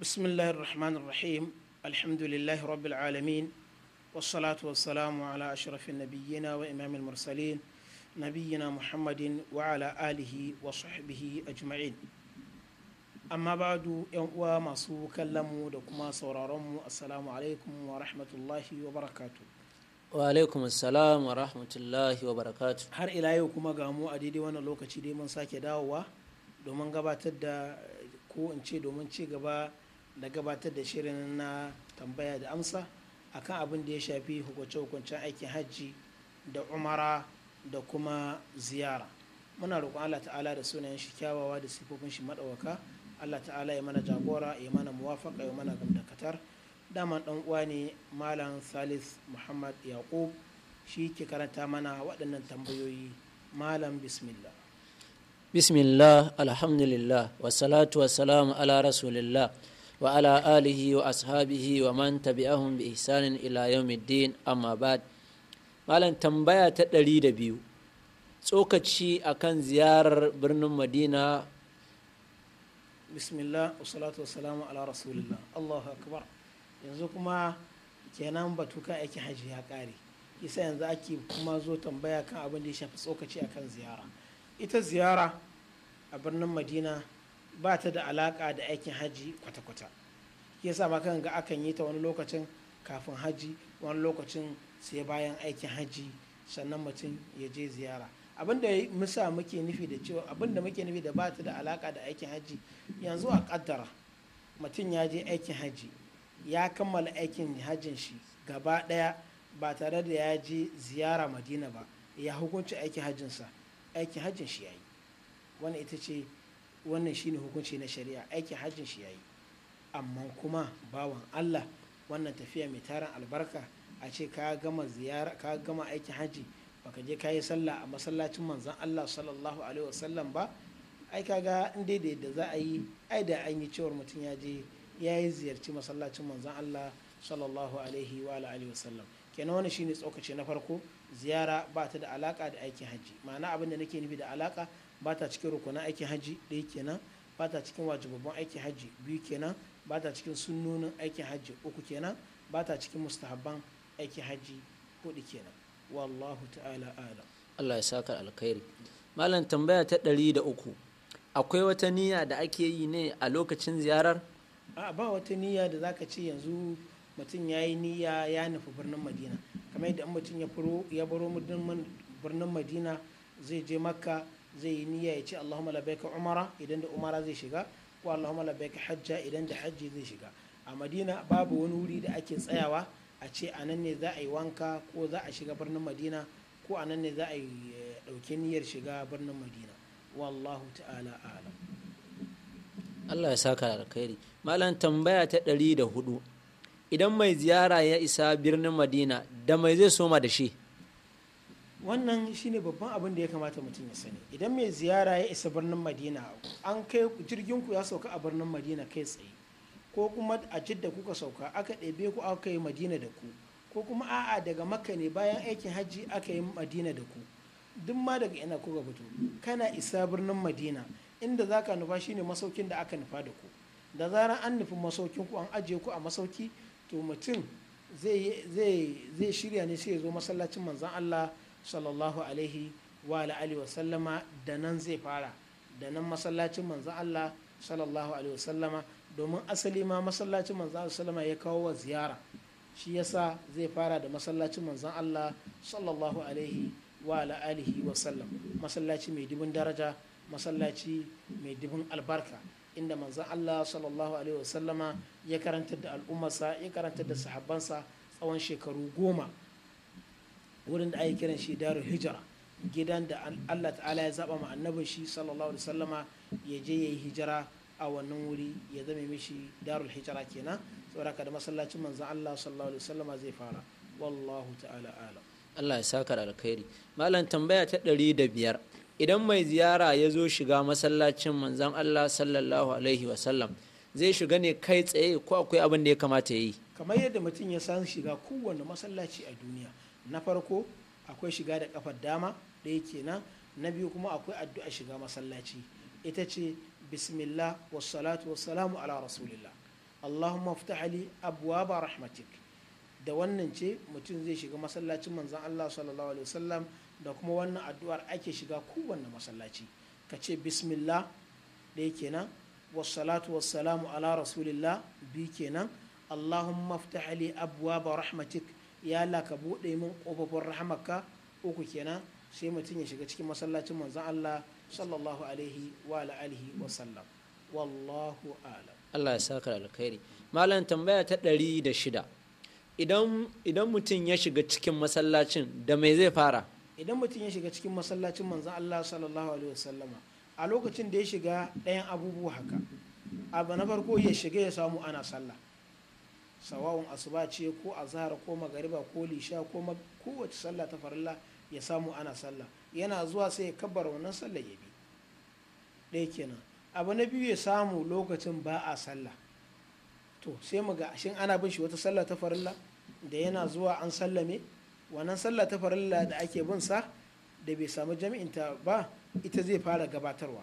بسم الله الرحمن الرحيم الحمد لله رب العالمين والصلاة والسلام على أشرف النبيين وإمام المرسلين نبينا محمد وعلى آله وصحبه أجمعين أما بعد يوم masu kallonmu da kuma sauraronmu assalamu alaikum wa rahmatullahi wa barakatu wa alaikum assalam wa rahmatullahi wa barakatu har ila yau kuma ga mu a daidai wannan lokaci da mun sake dawowa domin gabatar da ko in ce domin ci gaba da gabatar da shirin na tambaya da amsa akan abin da ya shafi hukunce-hukuncen aikin hajji da umara da kuma ziyara muna roƙon allah ta'ala da sunayen shi kyawawa da sifofin shi maɗauka allah ta'ala ya mana jagora ya mana muwafaka ya mana gamdakatar daman ɗan uwa ne malam salis muhammad yaqub shi ke karanta mana waɗannan tambayoyi malam bismillah bismillah alhamdulillah wasalatu wasalamu ala rasulillah وعلى آله وأصحابه ومن تبعهم بإحسان إلى يوم الدين أما بعد مالا تنبيا تدري دبيو tsokaci a ziyarar birnin madina bismillah wasalatu wasalamu ala rasulillah allahu akbar yanzu kuma kenan batu kan aiki hajji ya kare isa yanzu ake kuma zo tambaya kan abin da ya shafi tsokaci akan ziyara ita ziyara a birnin madina ba ta da alaka da aikin haji kwata-kwata ya sa ma ga akan yi ta wani lokacin kafin haji wani lokacin sai bayan aikin haji sannan mutum ya je ziyara abinda musa muke nufi da cewa abinda muke nufi da ba ta da alaƙa da aikin haji yanzu a kaddara mutum ya je aikin haji ya kammala aikin hajin shi gaba ɗaya ba tare da ya je ziyara madina ba ya hukunci aikin hajinsa aikin hajin shi ya yi wani ita ce wannan shine hukunci na shari'a aikin hajjin shi yayi amma kuma bawan Allah wannan tafiya mai tarin albarka a ce ka gama ziyara ka gama aikin hajji baka je ka yi sallah a masallacin manzon Allah sallallahu alaihi wasallam ba ai ka ga dai da yadda za a yi ai da an yi cewar mutum ya je ya yi ziyarci masallacin manzon Allah sallallahu alaihi wa alihi wasallam kenan wannan shine tsokace na farko ziyara ba ta da alaka da aikin hajji ma'ana abin da nake nufi da alaka ba ta cikin rukunan aikin hajji ɗaya kenan ba ta cikin wajibabban aikin hajji biyu kenan ba ta cikin sunnonin aikin hajji uku kenan ba ta cikin mustahabban aikin hajji hudu kenan wallahu ta'ala ala Allah ya saka alkhairi malam tambaya ta ɗari da uku akwai wata niyya da ake yi ne a lokacin ziyarar a ba wata niyya da zaka ce yanzu mutum ya yi niyya ya nufi birnin madina kamar yadda mutum ya baro birnin madina zai je makka zai yi niyya ya ce allahumma ka umara idan da umara zai shiga ko allahumma ka hajja idan da hajji zai shiga a madina babu wani wuri da ake tsayawa a ce a nan ne za a yi wanka ko za a shiga birnin madina ko a nan ne za a yi eh, ɗauki niyyar shiga birnin madina wallahu ta'ala alam allah ya saka alkhairi malam tambaya ta ɗari da hudu idan mai ziyara ya isa birnin madina da mai zai soma da shi wannan shine babban abin da ya kamata mutum ya sani idan mai ziyara ya isa birnin madina an kai jirgin ku ya sauka a birnin madina kai tsaye ko kuma a jidda kuka sauka aka ɗebe ku aka yi madina da ku ko kuma a'a daga makka ne bayan aikin hajji aka yi madina da ku duk ma daga ina kuka fito kana isa birnin madina inda za ka nufa shine masaukin da aka nufa da ku da zarar an nufi masaukin ku an ajiye ku a masauki to mutum zai shirya ne sai ya zo masallacin manzan Allah sallallahu alaihi wa alihi wa sallama da nan zai fara da nan masallacin manzan Allah sallallahu alaihi wa sallama domin asali ma masallacin manzan Allah sallama ya kawo wa ziyara shi yasa zai fara da masallacin manzan Allah sallallahu alaihi wa alihi wa masallaci mai dubin daraja masallaci mai dubin albarka inda manzan Allah sallallahu alaihi wasallama ya karanta da al'ummarsa ya karanta da sahabbansa tsawon shekaru goma wurin da ake kiran shi daru hijira gidan da Allah ta'ala ya zaba ma annabin shi sallallahu alaihi wasallama ya je yayi hijira a wannan wuri ya zame mishi darul hijira kenan saboda da masallacin manzan Allah sallallahu alaihi wasallama zai fara wallahu ta'ala saka alkhairi malam tambaya ta ɗari da biyar idan mai ziyara ya zo shiga masallacin manzan Allah sallallahu alaihi wasallam zai shiga ne kai tsaye ko akwai abin da ya kamata ya yi kamar yadda mutum ya san shiga kowane masallaci a duniya na farko akwai shiga da kafar dama ɗaya kenan na biyu kuma akwai addu'a shiga masallaci ita ce bismillah wassalatu wassalamu ala rasulillah allahumma hali abuwa abwaba rahmatik da wannan ce mutum zai shiga masallacin manzan Allah sallallahu alaihi wasallam da kuma wannan addu'ar ake shiga kowanne masallaci ka ce bismillah yake kenan wasalatu wassalamu ala rasulillah bi kenan allahumma ftah abuwa abwaba rahmatik ya la ka buɗe min ƙofofin rahmaka uku kenan sai mutum ya shiga cikin masallacin manzan Allah sallallahu alaihi wa alihi wa sallam wallahu ala Allah ya saka alkhairi malam tambaya ta ɗari da shida idan mutum ya shiga cikin masallacin da mai zai fara idan mutum ya shiga cikin masallacin manzan Allah sallallahu alaihi wasallama a lokacin da ya shiga ɗayan abubuwa haka abu na farko ya shiga ya samu ana sallah sawawun asuba ce ko azhar ko magariba ko lisha ko kowace sallah ta farilla ya samu ana sallah yana zuwa sai ya kabbara wannan sallah ya bi ɗaya kenan abu na biyu ya samu lokacin ba a sallah to sai mu ga shin ana bin shi wata sallah ta farilla da yana zuwa an sallame wannan sallah ta farilla da ake bin sa da bai samu jami'inta ba ita zai fara gabatarwa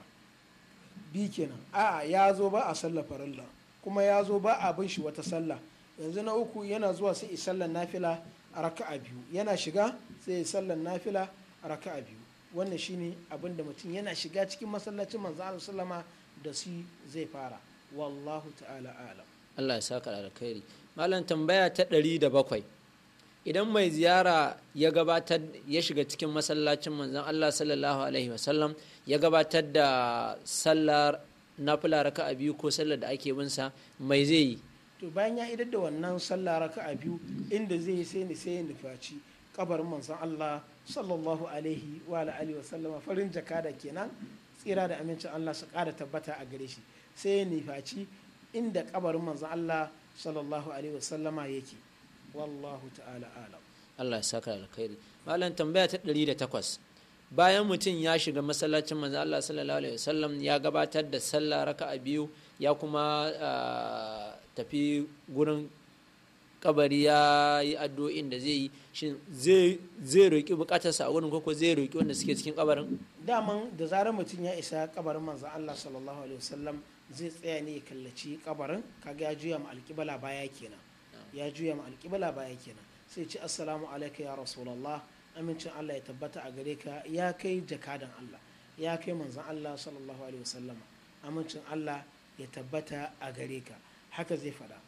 bi kenan a'a ya zo ba a sallah farilla kuma ya zo ba a bin shi wata sallah yanzu na uku yana zuwa sai yi sallar nafila a raka'a biyu yana shiga sai yi sallar nafila a raka'a biyu wannan shine abin da mutum yana shiga cikin masallacin manzo Allah sallama da su zai fara wallahu ta'ala alam Allah ya saka alkhairi malam tambaya ta ɗari da bakwai. idan mai ziyara ya gabatar ya shiga cikin masallacin manzon Allah sallallahu alaihi wasallam ya gabatar da sallar raka a biyu ko sallar da ake binsa mai zai yi to bayan ya idar da wannan sallar a biyu inda zai sai ni sai faci kabarin manzon Allah sallallahu alaihi wa alihi wasallama farin jakada kenan tsira da amincin Allah su kara tabbata a gare shi sai ya faci inda kabarin manzon Allah sallallahu alaihi wasallama yake wallahu ta'ala alam Allah ya saka alkhairi malam tambaya ta 108 bayan mutum ya shiga masallacin manzo Allah sallallahu alaihi wasallam ya gabatar da sallah raka'a biyu ya kuma ah, tafi gurin kabari ya yi addu'o'in da zai yi shin zai roƙi bukatarsa a wurin koko zai roƙi wanda suke cikin kabarin daman da zarar mutum ya isa kabarin manzo Allah sallallahu alaihi wasallam zai tsaya ne ya kallaci kabarin kaga ya juya ma alkibala baya kenan ya juya ma alƙibla baya kenan sai ce assalamu alaika ya rasulallah amincin Allah ya tabbata a gare ka ya kai jakadan Allah ya kai manzan Allah sallallahu alaihi wasallama amincin Allah ya tabbata a gare ka haka zai faɗa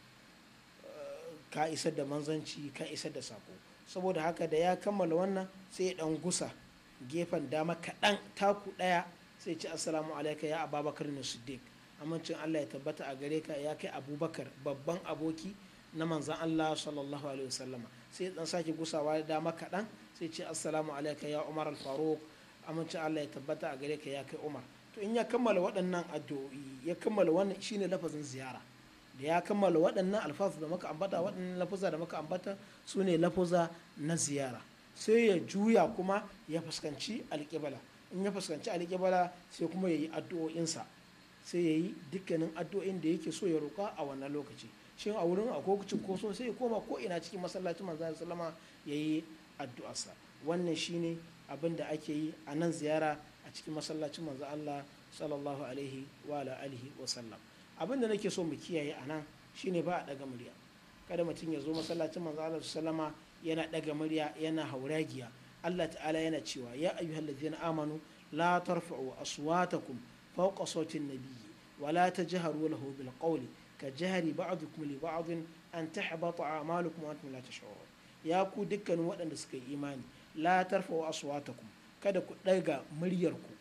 ka isar da manzanci ka isar da sako saboda haka da ya kammala wannan sai ya ɗan gusa gefen dama kaɗan taku ɗaya sai ci assalamu alaika ya ababakar na siddiq amincin Allah ya tabbata a gare ka ya kai abubakar babban aboki na manzan Allah sallallahu alaihi wasallam sai dan sake gusawa da dama kaɗan sai ce assalamu alaika ya Umar al-Faruq amince Allah ya tabbata a gare ka ya kai Umar to in ya kammala waɗannan addu'o'i ya kammala wannan shine lafazin ziyara da ya kammala waɗannan alfazu da muka ambata waɗannan lafuza da muka ambata su ne lafuza na ziyara sai ya juya kuma ya fuskanci alƙibala in ya fuskanci alƙibala sai kuma ya yi addu'o'insa sai ya yi dukkanin addu'o'in da yake so ya roƙa a wannan lokaci shin a wurin ko cunkoso sai ya koma ko ina cikin masallacin manzan sallama ya yi addu'arsa wannan shine abin da ake yi a nan ziyara a cikin masallacin manzan Allah sallallahu alaihi wa alihi wa sallam abin da nake so mu kiyaye a nan shine ba a daga murya kada mutum ya zo masallacin manzan Allah sallama yana daga murya yana hauragiya Allah ta'ala yana cewa ya ayyuhallazina amanu la tarfa'u aswatakum fawqa sawti nabiyyi wa la tajharu lahu bil qawli ka jahari ba'dukum li ba'din an tahbata a'malukum wa antum la tash'urun ya ku waɗanda suka yi imani la tarfa'u aswatakum kada ku ɗaga muryarku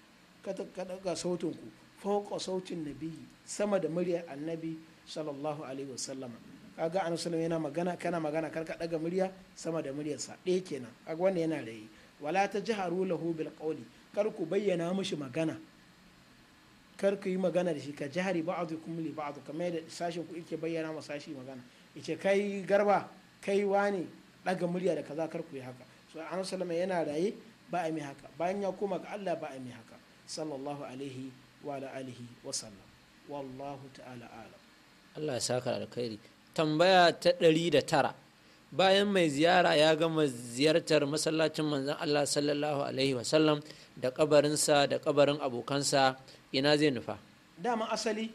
kada ku ɗaga sautinku fauqa sautin nabiyyi sama da muryar annabi sallallahu alaihi wasallam kaga annabi sallallahu yana magana kana magana kar ka ɗaga murya sama da muryarsa ɗaya kenan kaga wannan yana yi wala ta jihar lahu bil qawli kar ku bayyana mishi magana kar ku yi magana da shi ka jihari ba'dukum li zuka kamar da sashen ku yake bayyana ma sashi magana ice kai garba kai wani daga murya da kaza kar ku yi haka so an salama yana raye ba a mai haka bayan ya koma ga Allah ba a mai haka sallallahu alaihi wa ala alihi wa sallam wallahu ta'ala alam Allah ya saka alkhairi tambaya ta ɗari da tara. bayan mai ziyara ya gama ziyartar masallacin manzon Allah sallallahu alaihi wasallam da kabarinsa da kabarin abokansa ina zai nufa dama asali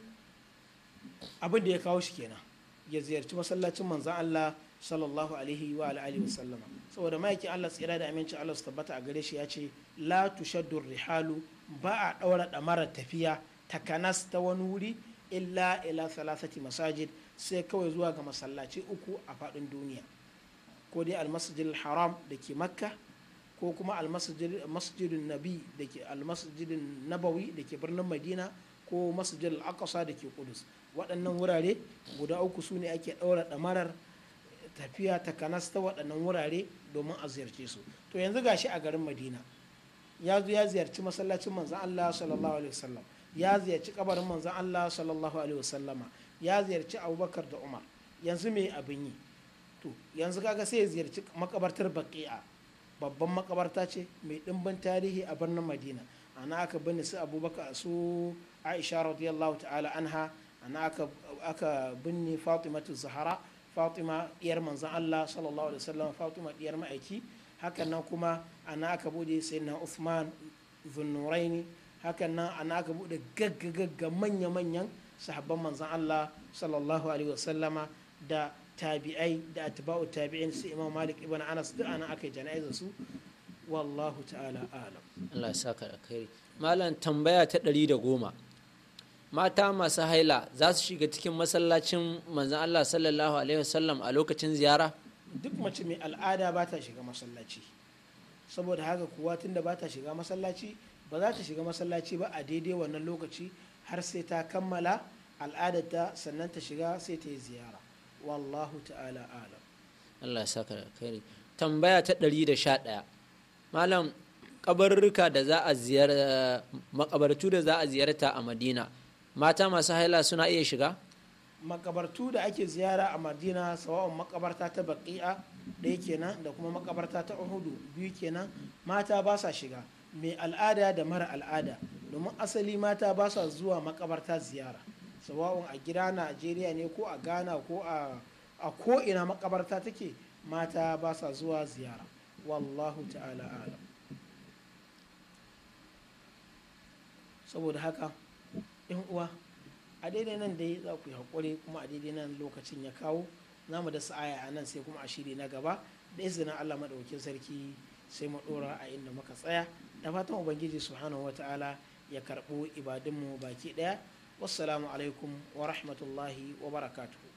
abin da ya kawo shi kenan ya ziyarci masallacin manzon Allah sallallahu alaihi wa alihi wasallama saboda ma'aikin Allah tsira da aminci Allah su tabbata a gare shi ya ce la tushaddu rihalu ba a daura damarar tafiya takanas ta wani wuri illa ila salasati masajid sai kawai zuwa ga masallaci uku a faɗin duniya ko dai almasjid haram da ke makka ko kuma almasjid nabi da ke almasjid nabawi da ke birnin madina ko masjidil aqsa da ke kudus waɗannan wurare guda uku su ne ake ɗaura ɗamarar tafiya ta kanas ta waɗannan wurare domin a ziyarce su to yanzu gashi a garin madina ya zo ya ziyarci masallacin manzan allah sallallahu alaihi wasallam ya ziyarci kabarin manzan allah sallallahu alaihi wasallama ya ziyarci abubakar da umar yanzu me abin yi to yanzu kaga sai ya ziyarci makabartar baƙi'a babban makabarta ce mai dimbin tarihi a birnin madina ana aka binne su abubakar su aisha radiyallahu ta'ala anha ana aka aka binne fatimatu zahara fatima ɗiyar manzan allah sallallahu alaihi wasallam fatima iyar ma'aiki hakan nan kuma ana aka bude sayyidina uthman zunnuraini hakan nan ana aka bude gagga gagga manya manyan sahabban manzan allah sallallahu alaihi wasallama da tabi'ai da atba'u tabi'in su imam malik ibn anas duk anan aka yi jana'izar su wallahu ta'ala alam Allah ya saka kai malam tambaya ta ɗari da goma mata masu haila za su shiga cikin masallacin manzan Allah sallallahu alaihi wasallam a lokacin ziyara duk mace mai al'ada ba ta shiga masallaci saboda haka kuwa tunda ba ta shiga masallaci ba za ta shiga masallaci ba a daidai wannan lokaci har sai ta kammala al'adarta sannan ta shiga sai ta yi ziyara wallahu ta'ala alam Allah saka kai tambaya ta 111 malam kabarruka da za a ziyarta makabartu da za a ziyarta a Madina mata masu haila suna iya shiga makabartu da ake ziyara a madina sawa'un makabarta ta baki'a ɗaya kenan da kuma makabarta ta uhudu biyu kenan mata ba sa shiga mai al'ada da mara al'ada domin asali mata ba sa zuwa makabarta ziyara sawa'un a gida najeriya ne ko a ghana ko a ko'ina makabarta take mata ba sa zuwa ziyara wallahu ta'ala alam saboda haka yan uwa a daidai nan dai za ku yi haƙuri kuma a daidai nan lokacin ya kawo za mu da sa'aya a nan sai kuma a shiri na gaba da izinin allah ɗauki sarki sai mu ɗora a inda muka tsaya da fatan ubangiji subhanahu wata'ala ya karɓo ibadunmu baki ɗaya wassalamu alaikum wa rahmatullahi wa barakatuhu